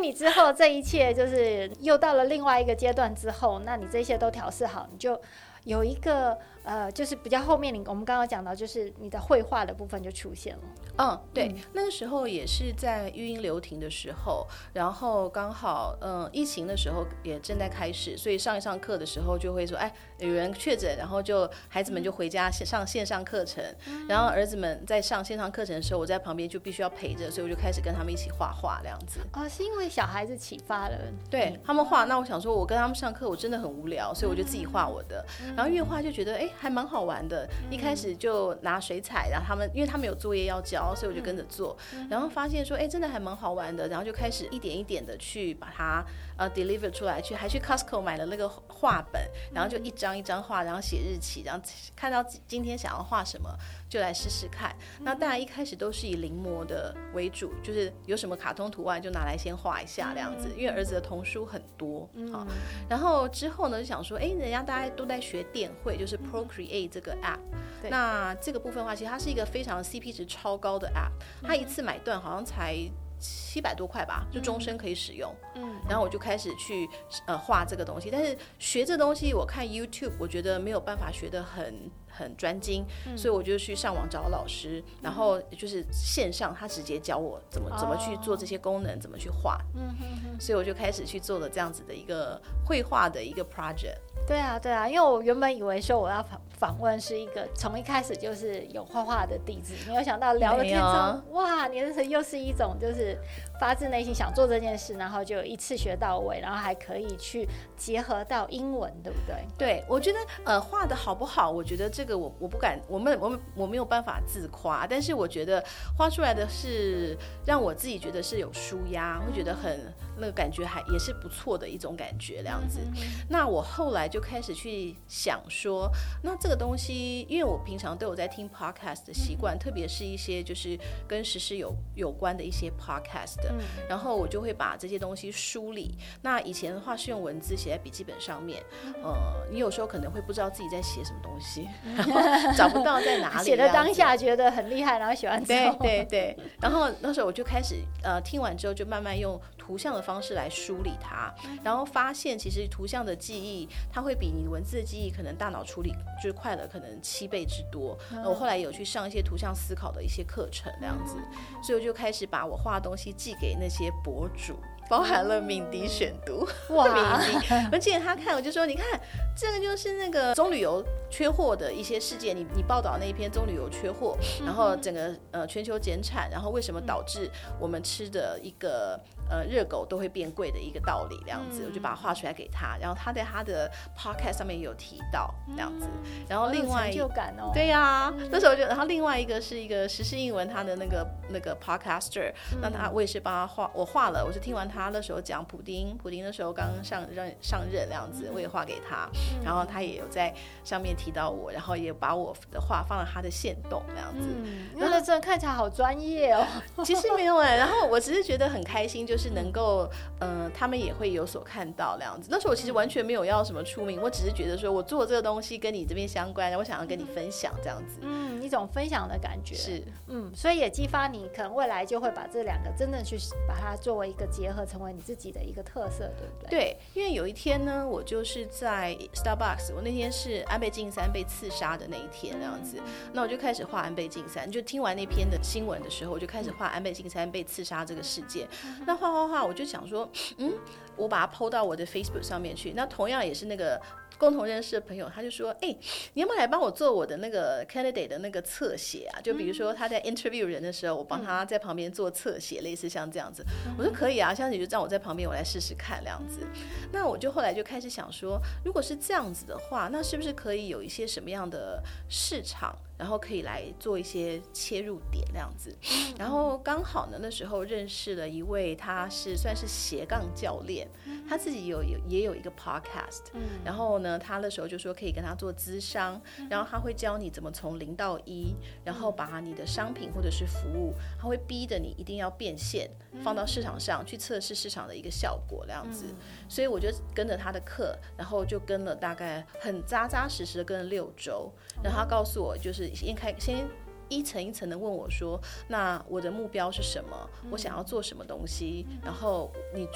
你之後這一切就是又到了另外一個階段之後，那你這些都調適好，你就有一個。呃，就是比較後面，你我們剛剛講到，就是你的繪畫的部分就出現了。嗯，對，嗯、那個時候也是在育嬰留停的時候，然後剛好嗯，疫情的時候也正在開始，嗯、所以上一上課的時候就會說，哎、欸，有人確診，然後就孩子們就回家上線上課程、嗯，然後兒子們在上線上課程的時候，我在旁邊就必須要陪着，所以我就開始跟他們一起畫畫這樣子。啊、哦，是因為小孩子啟發了，對、嗯、他們畫。那我想說，我跟他們上課，我真的很無聊，所以我就自己畫我的，嗯、然後越畫就覺得哎。欸還蠻好玩的，一開始就拿水彩，然後他們因為他們有作業要交，所以我就跟着做，然後發現說，哎、欸，真的還蠻好玩的，然後就開始一點一點的去把它呃、uh, deliver 出來，去還去 Costco 買了那個畫本，然後就一張一張畫，然後寫日期，然後看到今天想要畫什麼。就來試試看。那大家一開始都是以臨摹的為主，就是有什麼卡通圖案就拿來先畫一下，這樣子。因為兒子的童書很多，嗯、好。然後之後呢，就想說，哎、欸，人家大家都在學電繪，就是 Procreate 這個 app、嗯。那這個部分的話，其實它是一個非常 CP 值超高的 app、嗯。它一次買斷好像才七百多塊吧，就終身可以使用。嗯。然後我就開始去呃畫這個東西，但是學這個東西，我看 YouTube，我覺得沒有辦法學得很。很專精、嗯，所以我就去上網找老師、嗯，然後就是線上他直接教我怎麼、哦、怎麼去做這些功能，怎麼去畫。嗯哼哼，所以我就開始去做了這樣子的一個繪畫的一個 project。對啊對啊，因為我原本以為說我要訪訪問是一個從一開始就是有畫畫的底子，沒有想到聊了天之後，哇，你這是又是一種就是發自內心想做這件事，然後就一次學到位，然後還可以去結合到英文，對不對？對，我覺得呃畫得好不好，我覺得這。這個我我不敢，我們我我沒有辦法自誇，但是我覺得畫出來的是讓我自己覺得是有紓壓，會覺得很那個感覺還，還也是不錯的一種感覺這樣子。那我後來就開始去想說，那這個東西，因為我平常都有在聽 podcast 的習慣，嗯，特別是一些就是跟時事有有關的一些 podcast，然後我就會把這些東西梳理。那以前的話是用文字寫在筆記本上面，呃，你有時候可能會不知道自己在寫什麼東西。 然後找不到在哪裡寫， 的當下覺得很厲害，然後喜歡做。對對對，然後那時候我就開始呃，聽完之後就慢慢用圖像的方式來梳理它，然後發現其實圖像的記憶，它會比你文字的記憶可能大腦處理就是快了可能七倍之多。嗯，然後我後來有去上一些圖像思考的一些課程這樣子，所以我就開始把我畫的東西寄給那些博主。包含了敏迪選讀哇，而 且他看我就說，你看這個就是那個棕櫚油缺貨的一些事件，你你報道那一篇棕櫚油缺貨，然後整個呃全球減產，然後為什麼導致我們吃的一個。呃，熱狗都會變貴的一個道理，這樣子，嗯、我就把它畫出來給他。然後他在他的 podcast 上面也有提到這樣子。嗯、然後另外就、哦、對呀、啊嗯，那時候就，然後另外一個是一個時事英文，他的那個、嗯、那個 podcaster，讓、嗯、他我也是幫他畫，我畫了。我是聽完他那時候講普丁，普丁那時候剛剛上任上任，這樣子我也畫給他、嗯。然後他也有在上面提到我，然後也把我的畫放了他的限動這樣子。因、嗯、真這看起來好專業哦， 其實沒有哎、欸。然後我只是覺得很開心，就是。就是能夠，嗯、呃，他們也會有所看到那樣子。那時候我其實完全沒有要什麼出名，嗯、我只是覺得說我做這個東西跟你這邊相關，我想要跟你分享這樣子，嗯，一種分享的感覺是，嗯，所以也激發你可能未來就會把這兩個真的去把它作為一個結合，成為你自己的一個特色，對不對？對，因為有一天呢，我就是在 Starbucks，我那天是安倍晉三被刺殺的那一天，那樣子、嗯，那我就開始畫安倍晉三，就聽完那篇的新聞的時候，我就開始畫安倍晉三被刺殺這個事件，嗯、那畫。我就想說，嗯，我把它 po 到我的 Facebook 上面去。那同樣也是那個共同認識的朋友，他就說，哎、欸，你要不要來幫我做我的那個 candidate 的那個側寫啊？就比如說他在 interview 人的時候，我幫他在旁邊做側寫，類似像這樣子。我說可以啊，像你就讓我在旁邊，我來試試看這樣子。那我就後來就開始想說，如果是這樣子的話，那是不是可以有一些什麼樣的市場？然後可以來做一些切入點那樣子，然後剛好呢那時候認識了一位，他是算是斜槓教練，他自己有有也有一個 podcast，然後呢他那時候就說可以跟他做諮商，然後他會教你怎麼從零到一，然後把你的商品或者是服務，他會逼着你一定要變現，放到市場上去測試市場的一個效果那樣子，所以我就跟着他的課，然後就跟了大概很扎扎實實的跟了六周，然後他告訴我就是。先開，先一層一層的問我說：“那我的目標是什麼？我想要做什麼東西，嗯？然後你，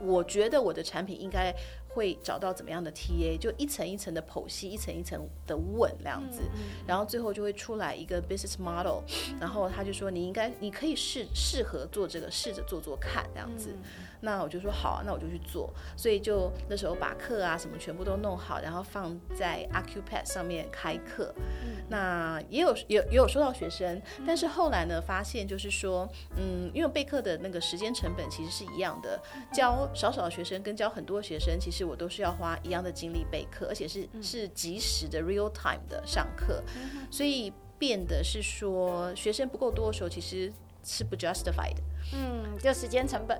我覺得我的產品應該會找到怎麼樣的 TA？就一層一層的剖析，一層一層的問這樣子，嗯嗯，然後最後就會出來一個 business model，嗯。然後他就說：你應該，你可以試適合做這個，試着做做看這樣子。嗯”那我就說好，那我就去做。所以就那時候把課啊什麼全部都弄好，然後放在 Acupad 上面開課。嗯、那也有也也有收到學生、嗯，但是後來呢發現就是說，嗯，因為備課的那個時間成本其實是一樣的，教少少的學生跟教很多學生，其實我都是要花一樣的精力備課，而且是、嗯、是即時的 real time 的上課、嗯。所以變得是說學生不夠多的時候其實是不 justified 的。嗯，就時間成本。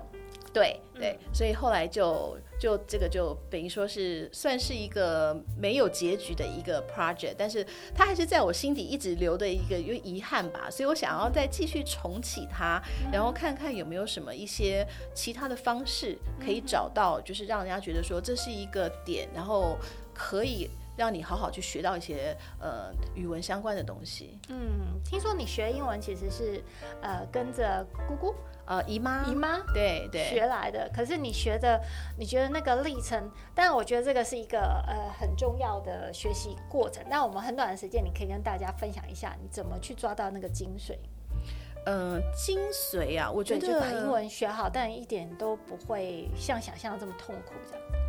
對對，所以後來就就這個就等於說是算是一個沒有結局的一個 project，但是它還是在我心底一直留的一個有遺憾吧，所以我想要再繼續重啟它，然後看看有沒有什麼一些其他的方式可以找到，就是讓人家覺得說這是一個點，然後可以。讓你好好去學到一些呃語文相關的東西。嗯，聽說你學英文其實是呃跟着姑姑呃姨媽姨媽，對對，學來的。可是你學的你覺得那個歷程，但我覺得這個是一個呃很重要的學習過程。那我們很短的時間，你可以跟大家分享一下你怎麼去抓到那個精髓？嗯、呃，精髓啊，我覺得就把英文學好，但一點都不會像想象的這麼痛苦這樣。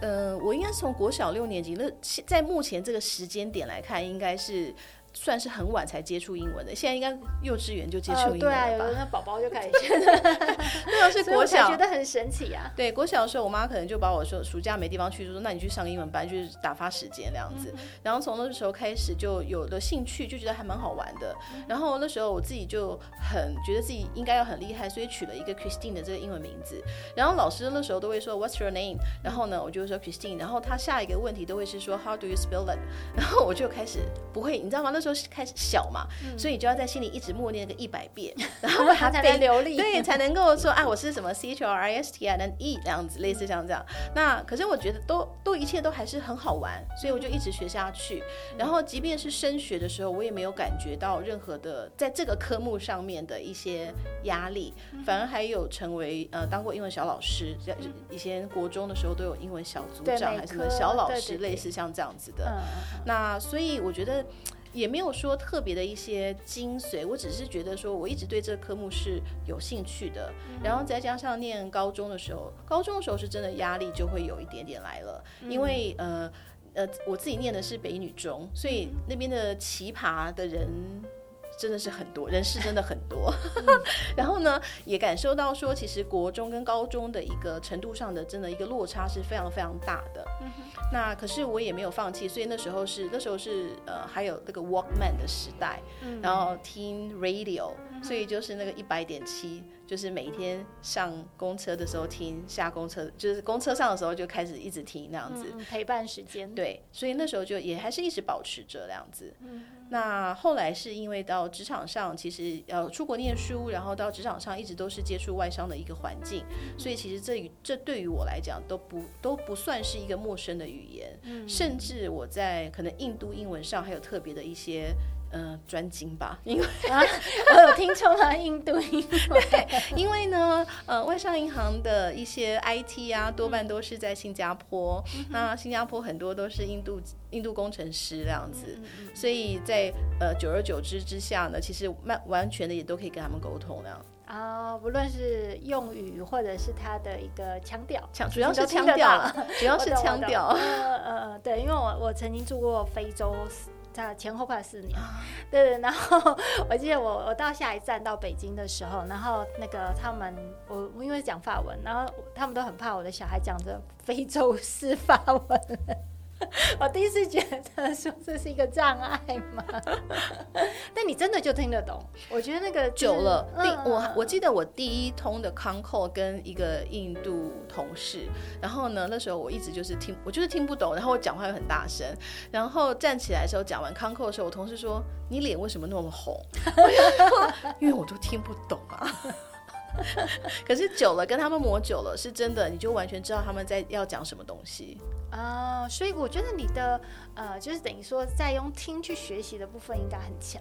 嗯、呃，我應該是從國小六年級，那在目前這個時間點來看，應該是。算是很晚才接觸英文的，現在應該幼稚園就接觸英文了吧、哦？對啊，有的寶寶就開始， 那個是國小，覺得很神奇啊。對，國小的時候，我媽可能就把我說暑假沒地方去，就說那你去上個英文班，就是打發時間這樣子。嗯、然後從那個時候開始，就有了興趣，就覺得還蠻好玩的。嗯、然後那時候我自己就很覺得自己應該要很厲害，所以取了一個 Christine 的這個英文名字。然後老師那時候都會說 What's your name？然後呢，我就會說 Christine。然後他下一個問題都會是說 How do you spell it？然後我就開始不會，你知道嗎？那時候開始小嘛，嗯、所以你就要在心裡一直默念一個一百遍，嗯、然後把它變流利對， 對，才能夠說啊，我是什麼 C H R I S T I N E 這樣子，類似像這樣。嗯、那可是我覺得都都一切都還是很好玩，所以我就一直學下去、嗯。然後即便是升學的時候，我也沒有感覺到任何的在這個科目上面的一些壓力、嗯，反而還有成為呃當過英文小老師，在、嗯、以前國中的時候都有英文小組長還是什麼小老師，類似像這樣子的。對對對嗯、那所以我覺得。也沒有說特別的一些精髓，我只是覺得說我一直對這個科目是有興趣的、嗯，然後再加上念高中的時候，高中的時候是真的壓力就會有一點點來了，嗯、因為呃呃我自己念的是北一女中，所以那邊的奇葩的人。嗯嗯真的是很多人是真的很多。 然後呢，也感受到說，其實國中跟高中的一個程度上的，真的一個落差是非常非常大的。嗯、那可是我也沒有放棄，所以那時候是那時候是呃，還有那個 Walkman 的時代，嗯、然後聽 Radio，所以就是那個一百點七。嗯就是每天上公車的時候聽，嗯、下公車就是公車上的時候就開始一直聽那樣子、嗯，陪伴時間。對，所以那時候就也還是一直保持着這樣子、嗯。那後來是因為到職場上，其實呃出國念書、嗯，然後到職場上一直都是接觸外商的一個環境，嗯、所以其實這與這對於我來講都不都不算是一個陌生的語言、嗯，甚至我在可能印度英文上還有特別的一些。呃，專精吧，因為我有聽出了印度英語。因為呢，呃，外商銀行的一些 IT 啊、嗯，多半都是在新加坡，那、嗯啊、新加坡很多都是印度印度工程師這樣子，嗯嗯、所以在呃久而久之之下呢，其實完完全的也都可以跟他們溝通的啊，不論是用語或者是他的一個腔調，主要是腔調，主要是腔調、 呃。呃，對，因為我我曾經住過非洲。前後快四年，對對，然後我記得我我到下一站到北京的時候，然後那個他們我我因為講法文，然後他們都很怕我的小孩講着非洲式法文。 我第一次覺得說這是一個障礙嘛， 但你真的就聽得懂。我覺得那個久了，嗯呃、我我記得我第一通的 con call 跟一個印度同事，然後呢那時候我一直就是聽，我就是聽不懂，然後我講話又很大聲，然後站起來的時候講完 con call 的時候，我同事說，你臉為什麼那麼紅？ 因為我都聽不懂啊。 可是久了，跟他們磨久了，是真的，你就完全知道他們在要講什麼東西啊。Uh, 所以我覺得你的呃，就是等於說，在用聽去學習的部分應該很強。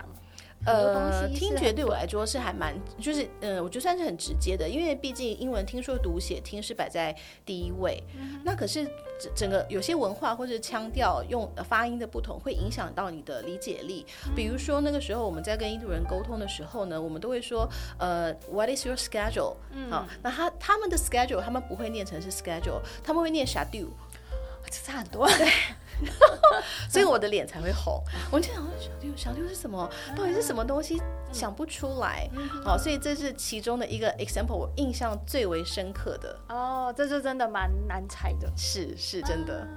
東西呃，聽覺對我來說是還蠻，嗯、就是嗯、呃，我覺得算是很直接的，因為畢竟英文聽說讀寫聽是擺在第一位。嗯、那可是整整個有些文化或者腔調用發音的不同，會影響到你的理解力，嗯。比如說那個時候我們在跟印度人溝通的時候呢，我們都會說呃，What is your schedule？嗯，好，那他他們的 schedule 他們不會念成是 schedule，他們會念啥丟，這差很多。對 所以我的臉才會紅， 我就想說小六小六是什麼？到底是什麼東西？想不出來、嗯嗯嗯。好，所以這是其中的一個 example，我印象最為深刻的。哦，這就真的蠻難猜的。是是，真的。啊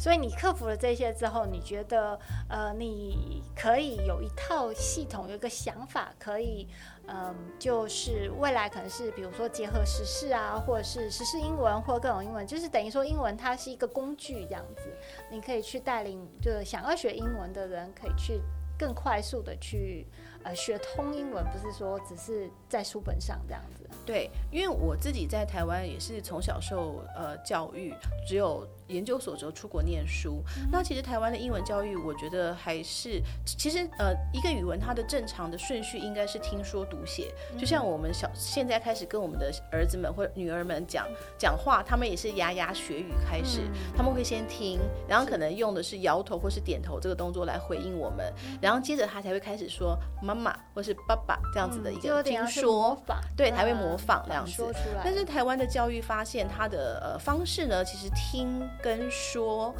所以你克服了這些之後，你覺得呃，你可以有一套系統，有一個想法，可以嗯、呃，就是未來可能是比如說結合時事啊，或者是時事英文，或者各種英文，就是等於說英文它是一個工具這樣子，你可以去帶領，就是想要學英文的人，可以去更快速的去呃學通英文，不是說只是在書本上這樣子。對，因為我自己在台灣也是從小受呃教育，只有研究所之後出國念書。Mm -hmm. 那其實台灣的英文教育，我覺得還是其實呃一個語文它的正常的順序應該是聽說讀寫。Mm -hmm. 就像我們小現在開始跟我們的兒子們或女兒們講講話，他們也是牙牙學語開始，mm -hmm. 他們會先聽，然後可能用的是搖頭或是點頭這個動作來回應我們，mm -hmm. 然後接着他才會開始說媽媽或是爸爸這樣子的一個聽說法，mm -hmm. 對，台灣。模仿這樣子，但是台灣的教育發現，它的呃方式呢，其實聽跟說，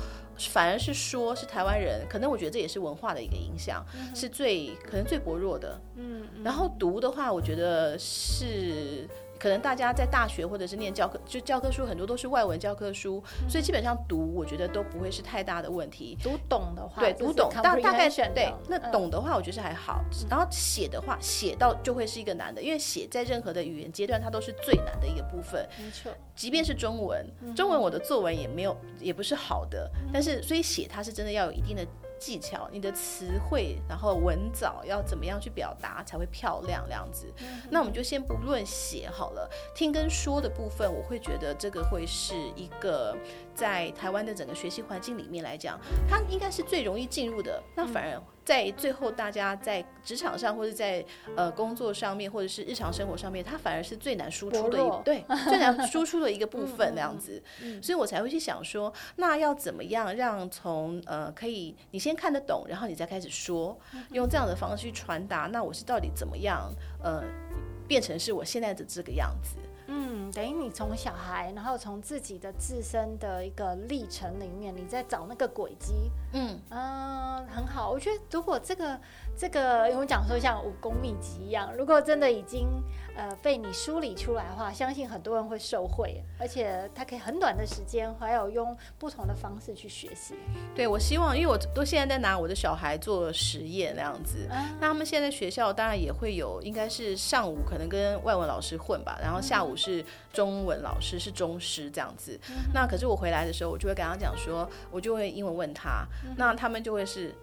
反而是說是台灣人，可能我覺得這也是文化的一個影響，是最可能最薄弱的。嗯，然後讀的話，我覺得是。可能大家在大學或者是念教科，就教科書很多都是外文教科書，嗯、所以基本上讀我覺得都不會是太大的問題，讀懂的話，對，讀懂、就是、大大概選對，那懂的話我覺得是還好，嗯、然後寫的話寫到就會是一個難的，因為寫在任何的語言階段它都是最難的一個部分，沒錯，即便是中文、嗯，中文我的作文也沒有也不是好的，嗯、但是所以寫它是真的要有一定的。技巧，你的詞彙，然後文藻要怎麼樣去表達才會漂亮？這樣子，那我們就先不論寫好了，聽跟說的部分，我會覺得這個會是一個在台灣的整個學習環境裡面來講，它應該是最容易進入的。那反而。在最後，大家在職場上或者，在呃工作上面，或者是日常生活上面，他反而是最難輸出的一對，最難輸出的一個部分，這樣子，所以我才會去想說，那要怎麼樣讓從呃可以你先看得懂，然後你再開始說，用這樣的方式去傳達，那我是到底怎麼樣呃變成是我現在的這個樣子。等於你從小孩，然後從自己的自身的一個歷程裡面，你在找那個軌跡。嗯嗯、呃，很好，我覺得如果這個這個，我講說像武功秘籍一樣，如果真的已經。呃，被你梳理出來的話，相信很多人會受惠，而且他可以很短的時間，還有用不同的方式去學習。對，我希望，因為我都現在在拿我的小孩做實驗那樣子、嗯。那他們現在學校當然也會有，應該是上午可能跟外文老師混吧，然後下午是中文老師，嗯、是中師這樣子、嗯。那可是我回來的時候，我就會跟他講說，我就會英文問他，嗯、那他們就會是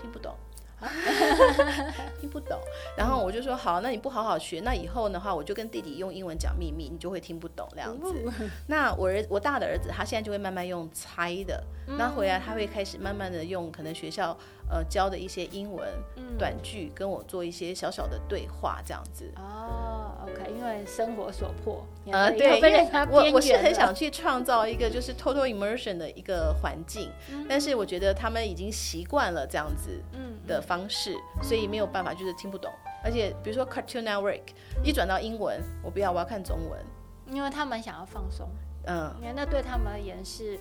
聽不懂。 聽不懂，然後我就說好，那你不好好學，那以後的話，我就跟弟弟用英文講祕密，你就會聽不懂這樣子。那我兒，我大的兒子，他現在就會慢慢用猜的，那回來他會開始慢慢的用，可能學校。呃，教的一些英文、嗯、短句，跟我做一些小小的對話，這樣子。哦，OK，因為生活所迫。啊、呃，對，因為我我是很想去創造一個就是 total immersion 的一個環境、嗯，但是我覺得他們已經習慣了這樣子嗯的方式、嗯嗯，所以沒有辦法，就是聽不懂。而且比如說 Cartoon Network、嗯、一轉到英文，我不要，我要看中文，因為他們想要放鬆，嗯，那對他們而言是。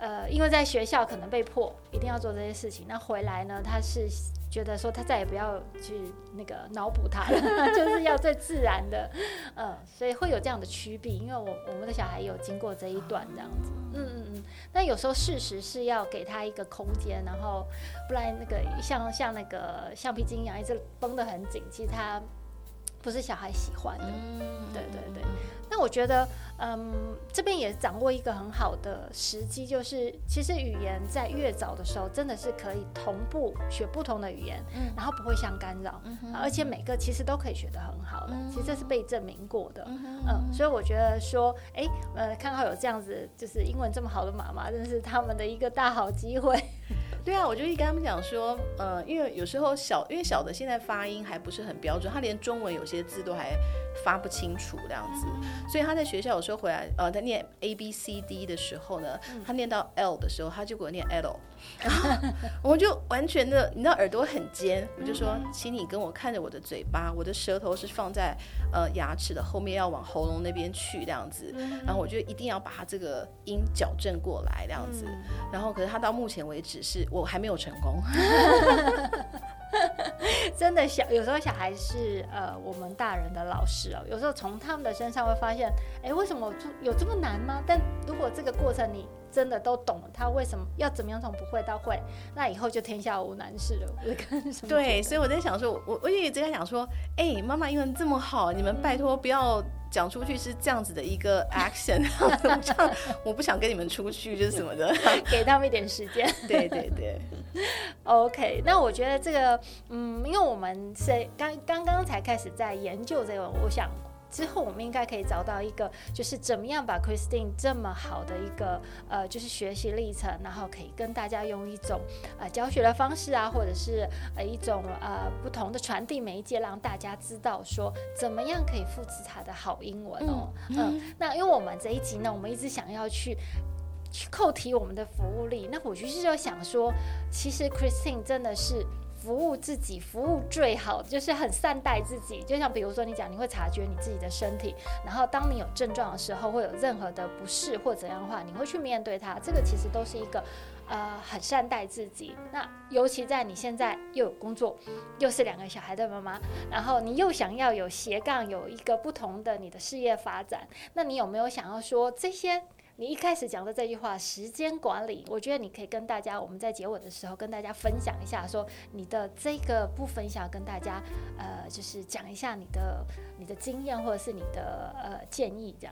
呃，因為在學校可能被迫一定要做這些事情，那回來呢，他是覺得說他再也不要去那個腦補他了， 就是要最自然的，嗯、呃，所以會有這樣的區別，因為我我們的小孩有經過這一段這樣子，啊、嗯嗯嗯，那有時候事實是要給他一個空間，然後不然那個像像那個橡皮筋一樣一直繃得很緊，其實他。不是小孩喜歡的、嗯，對對對。那我覺得，嗯，這邊也掌握一個很好的時機，就是其實語言在越早的時候，真的是可以同步學不同的語言，嗯、然後不會相干擾、嗯啊，而且每個其實都可以學得很好的。的、嗯，其實這是被證明過的，嗯。嗯所以我覺得說，哎，呃，看到有這樣子，就是英文這麼好的媽媽，真是他們的一個大好機會。對啊，我就一跟他們講說，呃，因為有時候小，因為小的現在發音還不是很標準，他連中文有些字都還發不清楚這樣子，所以他在學校有時候回來，呃，他念 A B C D 的時候呢，他念到 L 的時候，他就給我念 L，、嗯、然後我就完全的，你知道耳朵很尖，我就說、嗯，請你跟我看着我的嘴巴，我的舌頭是放在呃牙齒的後面，要往喉嚨那邊去這樣子，然後我就一定要把他這個音矯正過來這樣子，嗯、然後可是他到目前為止是。我還沒有成功 ， 真的小，有時候小孩是呃我們大人的老師哦、喔，有時候從他們的身上會發現，哎、欸，為什麼有這麼難嗎？但如果這個過程你真的都懂，他為什麼要怎麼樣從不會到會，那以後就天下無難事了。對，所以我在想說，我我一直在想說，哎、欸，媽媽英文這麼好，嗯、你們拜託不要。講出去是這樣子的一個 action， 我不想跟你們出去，就是什麼的， 給他們一點時間。 對對對 ，OK。那我覺得這個，嗯，因為我們是剛剛剛才開始在研究這個，我想。之後，我們應該可以找到一個，就是怎麼樣把 Christine 這麼好的一個呃，就是學習歷程，然後可以跟大家用一種呃教學的方式啊，或者是呃一種呃不同的傳遞媒介，讓大家知道說怎麼樣可以複製他的好英文哦。哦、嗯嗯。嗯。那因為我們這一集呢，我們一直想要去去扣題我們的服務力。那我就是就想說，其實 Christine 真的是。服務自己，服務最好就是很善待自己。就像比如說你，你講你會察覺你自己的身體，然後當你有症狀的時候，會有任何的不適或怎樣的話，你會去面對它。這個其實都是一個，呃，很善待自己。那尤其在你現在又有工作，又是兩個小孩的媽媽，然後你又想要有斜槓，有一個不同的你的事業發展，那你有沒有想要說這些？你一開始講的這句話“時間管理”，我覺得你可以跟大家，我們在結尾的時候跟大家分享一下，說你的這個部分想要跟大家，呃，就是講一下你的你的經驗或者是你的呃建議這樣。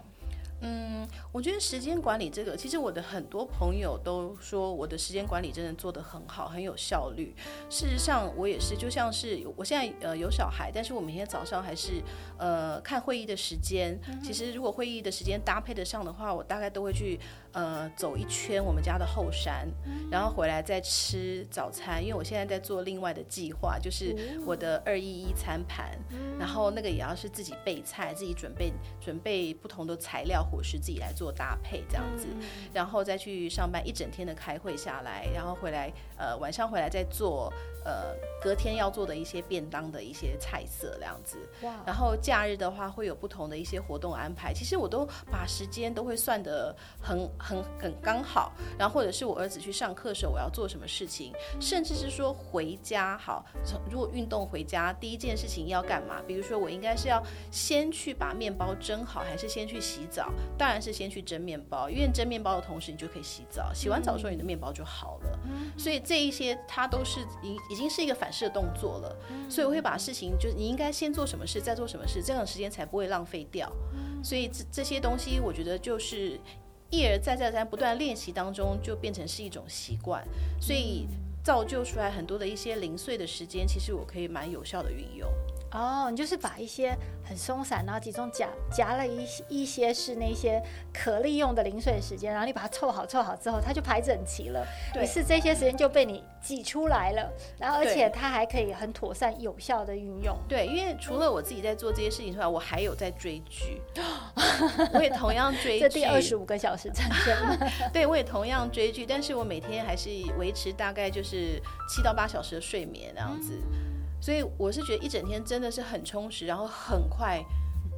嗯，我覺得時間管理這個，其實我的很多朋友都說我的時間管理真的做得很好，很有效率。事實上，我也是，就像是我現在呃有小孩，但是我每天早上還是呃看會議的時間。其實如果會議的時間搭配得上的話，我大概都會去。呃，走一圈我們家的後山，嗯，然後回來再吃早餐。因為我現在在做另外的計劃，就是我的二一一餐盤，哦，然後那個也要是自己備菜，自己準備準備不同的材料，伙食自己來做搭配這樣子，嗯、然後再去上班一整天的開會下來，然後回來呃晚上回來再做。呃，隔天要做的一些便當的一些菜色這樣子，wow. 然後假日的話會有不同的一些活動安排。其實我都把時間都會算得很很很剛好。然後或者是我兒子去上課的時候，我要做什麼事情，甚至是說回家好，如果運動回家，第一件事情要幹嘛？比如說我應該是要先去把麵包蒸好，還是先去洗澡？當然是先去蒸面包，因為蒸面包的同時，你就可以洗澡。洗完澡的時候，你的面包就好了。Mm-hmm. 所以這一些它都是一一。已經是一個反射動作了，所以我會把事情就是你應該先做什麼事，再做什麼事，這樣時間才不會浪費掉。所以這這些東西，我覺得就是一而再再三不斷練習當中，就變成是一種習慣。所以造就出來很多的一些零碎的時間，其實我可以蠻有效的運用。哦，你就是把一些很鬆散，然後集中夾夾了一一些是那些可利用的零碎的時間，然後你把它湊好湊好之後，它就排整齊了。對，於是這些時間就被你擠出來了。然後而且它還可以很妥善有效的運用。對，因為除了我自己在做這些事情之外，我還有在追劇，嗯、 我也同樣追劇。 這第二十五個小時戰爭。 對，我也同樣追劇，但是我每天還是維持大概就是七到八小時的睡眠，這樣子。嗯所以我是覺得一整天真的是很充實，然後很快。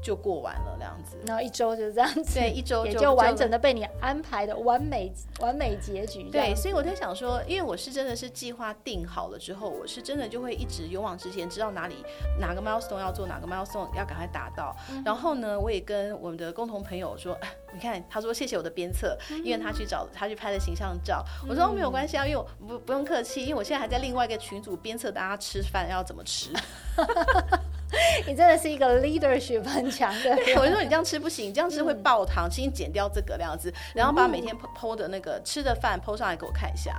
就過完了這樣子，然後一周就是這樣子，對，一周也就完整的被你安排的完美完美結局。對，所以我就想說，因為我是真的是計劃定好了之後，我是真的就會一直勇往直前，知道哪裡哪個 milestone 要做，哪個 milestone 要趕快達到。嗯。然後呢，我也跟我們的共同朋友說，你看，他說謝謝我的鞭策，因為他去找他去拍的形象照。嗯。我說說沒有關係啊，因為我不不用客氣，因為我現在還在另外一個群組鞭策大家吃飯要怎麼吃。 你真的是一個 leadership 很強的。 我就說你這樣吃不行，你這樣吃會爆糖。請、嗯、你減掉這個那樣子，然後把每天 po 的那個、嗯、吃的飯 po 上來給我看一下。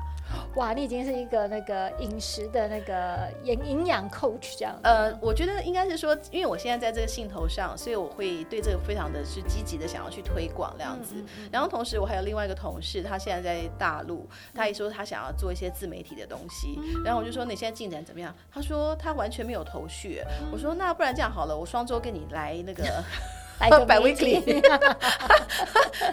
哇，你已經是一個那個飲食的那個營營養 coach 這樣子。呃，我覺得應該是說，因為我現在在這個興頭上，所以我會對這個非常的是積極的想要去推廣這樣子，嗯嗯嗯。然後同時我還有另外一個同事，他現在在大陸，嗯、他也說他想要做一些自媒體的東西。嗯、然後我就說、嗯、你現在進展怎麼樣？他說他完全沒有頭緒。嗯、我說那不然這樣好了，我雙周跟你來那個 來個 biweekly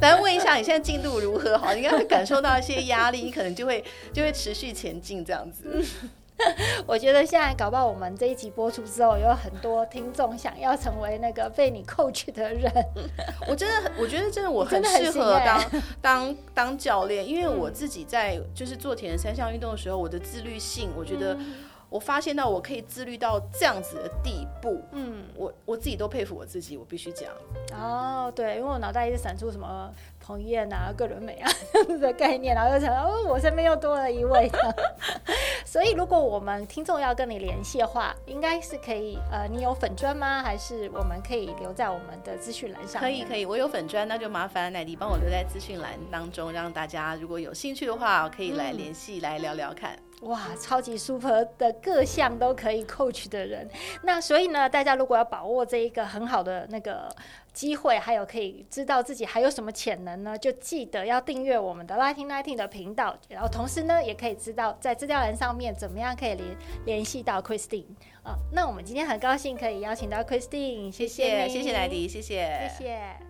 來 問一下你現在進度如何？好，你應該會感受到一些壓力，你可能就會就會持續前進這樣子。 我覺得現在搞不好我們這一集播出之後，有很多聽眾想要成為那個被你 coach 的人。 我真的很，我覺得真的，我很適合當 當，當教練，因為我自己在就是做鐵人三項運動的時候，我的自律性，我覺得。我發現到我可以自律到這樣子的地步，嗯，我我自己都佩服我自己，我必須講。哦、oh，對，因為我腦袋一直閃出什麼彭於晏啊、葛倫美啊這樣子的概念，然後又想到哦，我身邊又多了一位、啊。 所以，如果我們聽眾要跟你聯繫的話，應該是可以。呃，你有粉專嗎？還是我們可以留在我們的資訊欄上？可以，可以，我有粉專，那就麻煩奶迪幫我留在資訊欄當中，讓大家如果有興趣的話，可以來聯繫，嗯、來聊聊看。哇，超級 super 的各項都可以 coach 的人，那所以呢，大家如果要把握這一個很好的那個機會，還有可以知道自己還有什麼潛能呢，就記得要訂閱我們的 Lighting Lighting 的頻道，然後同時呢，也可以知道在資料欄上面怎麼樣可以聯聯繫到 Christine。啊，那我們今天很高興可以邀請到 Christine，謝謝，謝謝，謝謝萊迪，謝謝，謝謝。